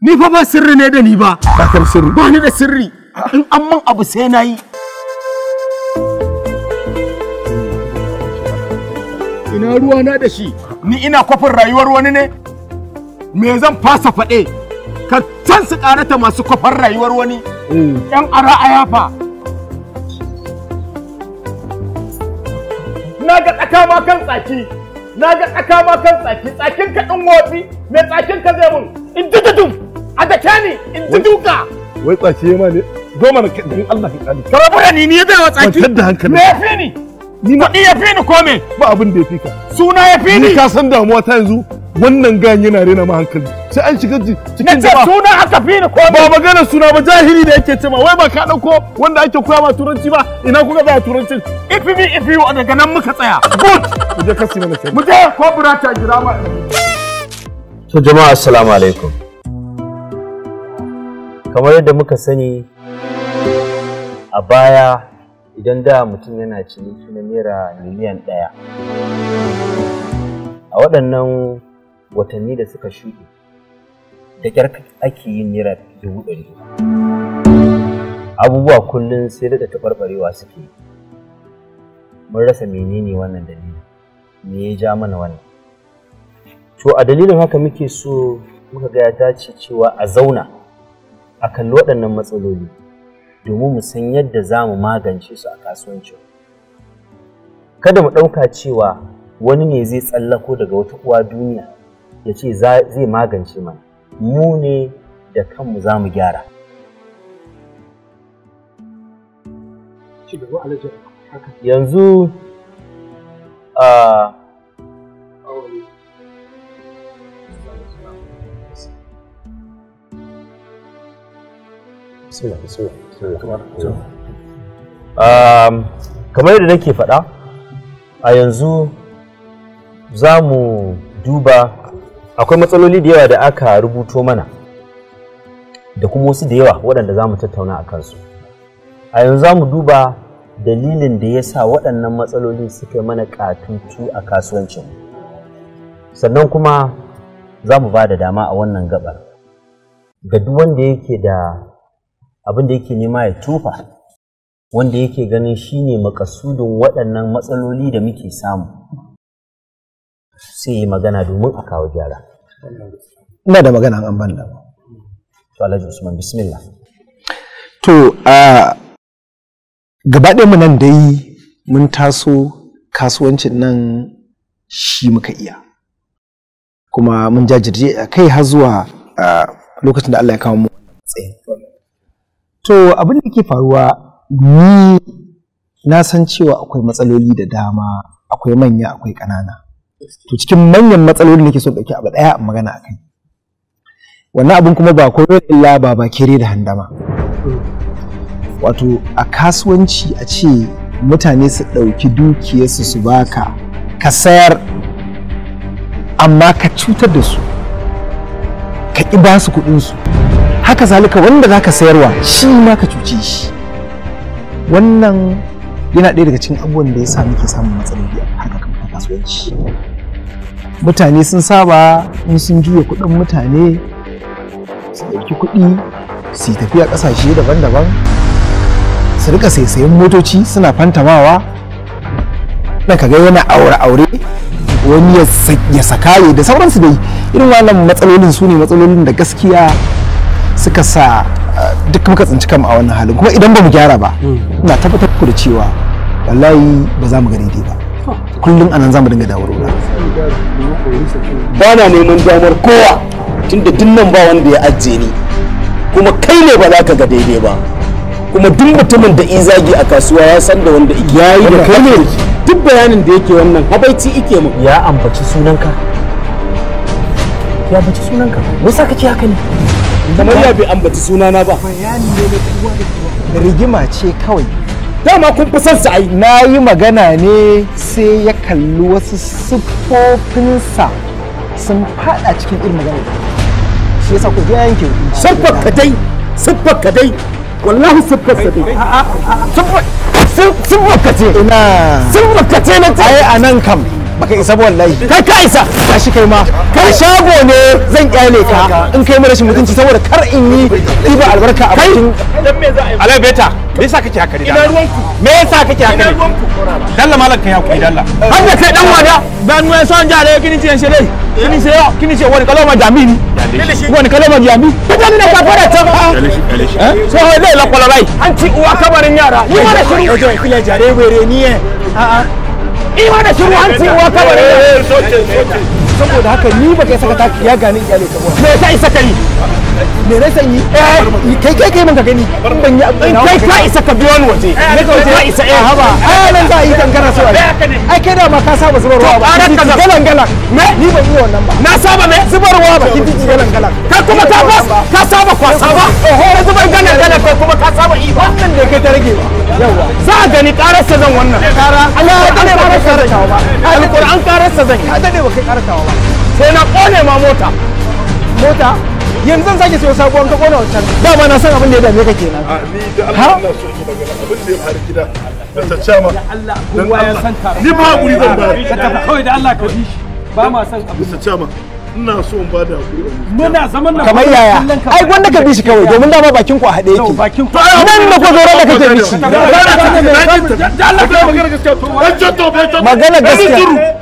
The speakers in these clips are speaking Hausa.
Ni fa ba sirri ne da ni ba. Ba ka sirri. Ba ni da sirri. In ah. an man abu sai na yi. Ina ruwa na da shi. Ni ina kwafin rayuwar wani ne? Me zan fasa faɗe? Ka can su ƙarata masu kwafar rayuwar wani. Eh. ‘Yan ara a yafa. Na ga tsaka ma kan tsaki. Na ga tsaka ma kan tsaki. Tsakin ka ɗin wofi. Me tsakin ka zai mun? in ji dudum a da kyani in ji duka wai tsace ma ne zo mana kadin Allah ya kali Kawai rabu ni ni ya dawo tsaki wancan da hankali me yafi ni ni ma ya fi ni ko me ba abin da fi ka suna fi ni ka san damuwa ta yanzu wannan gan yana rena ma hankali sai an shiga cikin jama'a suna aka fi ni ko ba magana suna ba jahili da yake cewa wai ba ka dauko wanda ake koya ma turanci ba ina kuka ba turancin ifi mi ifi daga nan muka tsaya good mu je kasi mana mu je ko burata jira ma To jama'a assalamu alaikum. Kamar yadda muka sani a baya idan da mutum yana ciniki na naira miliyan ɗaya. A waɗannan watanni da suka shuɗe, da ƙyar ake yin naira dubu ɗari. Abubuwa kullum sai da taɓarɓarewa suke. Mun rasa menene wannan dalilin, me ya ja mana wannan? to a dalilin haka muke so muka ga ya dace cewa a zauna a kalli waɗannan matsaloli domin mu san yadda za mu magance su a kasuwancin kada mu ɗauka cewa wani ne zai tsallako daga wata uwa duniya ya ce zai magance mana mu ne da kanmu za mu gyara yanzu a ah, kamar yadda nake faɗa a yanzu za mu duba akwai matsaloli da yawa da aka rubuto mana da kuma wasu da yawa waɗanda za mu tattauna a kansu a yanzu za mu duba dalilin da ya sa waɗannan matsaloli suka mana katutu a kasuwancin sannan kuma za mu ba da dama a wannan gabar ga duk wanda yake da abin da yake nema ya tufa wanda yake ganin shine makasudin waɗannan matsaloli da muke samu sai yi magana domin a kawo gyara ina da magana an ban da to alhaji usman bismillah to a gaba mu nan dai mun taso kasuwancin nan shi muka iya kuma mun jajirje a kai har zuwa lokacin da Allah ya kawo mu to abin da ke faruwa ni na san cewa akwai matsaloli da dama akwai manya akwai ƙanana to cikin manyan matsaloli ke so ɗauki abu ɗaya a magana a kai wannan abin kuma ba koyo illa ba ba kere da handama wato a kasuwanci a ce mutane su ɗauki dukiyarsu su baka ka sayar amma ka cutar da su ka ƙi ba su kuɗinsu haka zalika wanda zaka sayarwa shi ma ka cuce shi wannan yana ɗaya daga cikin abubuwan da ya sa muke samun matsaloli a harkar kamfanin kasuwanci mutane sun saba in sun juya kuɗin mutane su ɗauki kuɗi su yi tafiya ƙasashe daban-daban su rika saisayen motoci suna fantamawa na kaga yana aure-aure wani ya sakaye da sauransu dai irin wannan matsalolin su ne matsalolin da gaskiya suka sa eh, duk muka tsinci kanmu a wannan halin kuma idan ba mu gyara ba hmm. ina tabbatar ku da cewa wallahi ba za mu ga dai ba kullum anan za mu dinga dawar wura ba na neman damar kowa tunda nan ba wanda ya ajje ni kuma kai ne ba za ka ga daidai ba kuma duk mutumin da izagi a kasuwa ya san da wanda ike yayi da kai ne duk bayanin da yake wannan habaici ike mu ya ambaci sunanka ya ambaci sunanka me yasa kake haka ne kamar ya bi ambaci na ba bayani ne na kowa da rigima ce kawai dama kun fi son sa ai na yi magana ne sai ya kalli wasu siffofinsa sun fada cikin irin magana shi yasa ku ga yanke siffar ka dai siffar ka dai wallahi siffar ka dai siffar ka ce ina siffar ka ce na ai anan kam baka isa ba wallahi kai ka isa ka shi kai ma kai shago ne zan kyale ka in kai mu rashin mutunci saboda kar in yi ɗiba albarka a bakin dan me za a yi alai beta me yasa kake haka ina ruwanku me yasa kake haka ina ruwanku dalla malam kai hakuri dalla har da kai dan wada ban mu son jare kini tiyan shede kini se yo kini ce wani kaloma jami ni wani kaloma jami ko dan ka fara ta ba eh? so ho dai la kola bai an ci uwa kabarin yara ni mana shiru ojo kile jare were ni eh a'a ni ma na shiru an ce wa kawai eh, eh, eh, saboda haka ni ba kai saka taki ya gani ka me ta isa kai me na sanyi eh kai kai kai ka gani ban yi abin kai ka isa ka biyo ni waje ne eh, ka waje isa eh haba eh, ai nan za a yi kankara so eh, ai kai da ma ka saba zubarwa ba ƙarar ka galan galan me ni ban yi wannan ba na saba me zubarwa ba kin ji galan galan ka kuma ka ba ka saba kwasa ba galan galan kuma ka saba i ba nan da kai ta rage ba yawa za a gani ƙararsa zan wannan ƙara Allah ya ƙararsa zan yi alƙur'an zan dade ba kai ƙararsa ba sai na kone ma mota mota yanzu zan sake siyo sabuwar ta kone wancan ba ma na san abin da ya dame ka kenan a ni da Allah na so ki magana abin da ya faru gida da taccama Allah kowa ya san ta ni ba hakuri zan ba ka tafi kawai da Allah ka bi shi ba ma san abin da taccama ina so in bada hakuri muna zaman nan kamar yaya ai gwanda ka bi shi kawai domin dama bakin ku a hade yake bakin ku nan da ku zoro da kake bi shi magana gaskiya magana gaskiya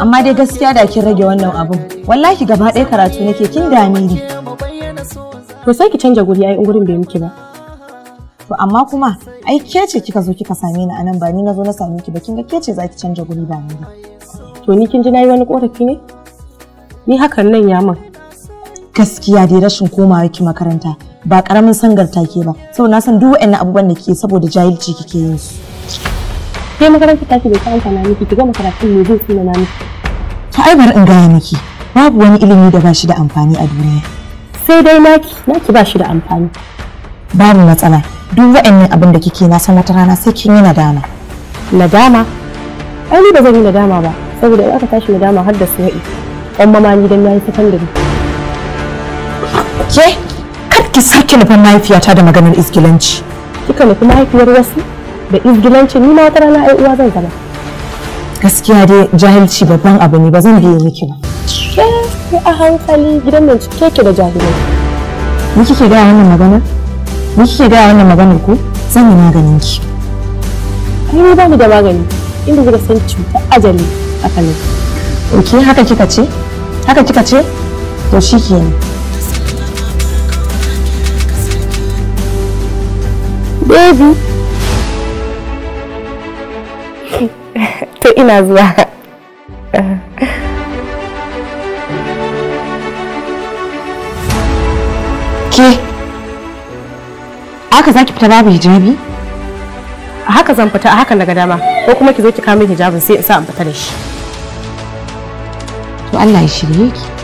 amma dai gaskiya da kin rage wannan abun wallahi gaba ɗaya karatu nake kin dame ni to sai ki canja guri ai in gurin bai miki ba to amma kuma ai ke ce kika zo kika same ni anan ba ni na na same ki ba kin ga ke ce zaki canja guri ba ni to ni kin ji nayi wani korafi ne ni hakan nan ya min gaskiya dai rashin komawa ki makaranta ba karamin sangarta ke ba sau na san duk waɗannan abubuwan da ke saboda jahilci kike yin su sai makarantar ta ce bai san amfana miki ki gama karatun ne zai suna na miki to ai bari in gaya miki babu wani ilimi da ba shi da amfani a duniya sai dai naki naki ba shi da amfani babu matsala duk wa'annan abin da kike na san wata rana sai kin yi nadama nadama ai ni ba zan yi nadama ba saboda in aka tashi nadama har da suwa'i amma ma ni dan yayi sakandare ke kar ki sake nufin mahaifiyata da maganar iskilanci kika nufi mahaifiyar wasu da izgilanci ni ma wata na ai uwa zan zama gaskiya dai jahilci babban abu ne ba zan biye miki ba ke a hankali gidan nan cike ke da jahilai ni kike ga wannan magana ni kike ga wannan magana ko zan yi maganin ki ni ba ni da magani inda kika san cuta ajali a kano ok haka kika ce haka kika ce to shikenan baby to ina zuwa ke haka zaki fita babu hijabi a haka zan fita a haka na dama ko kuma ki zo ki kama hijabin sai in sa in fita da shi to Allah ya shirye ki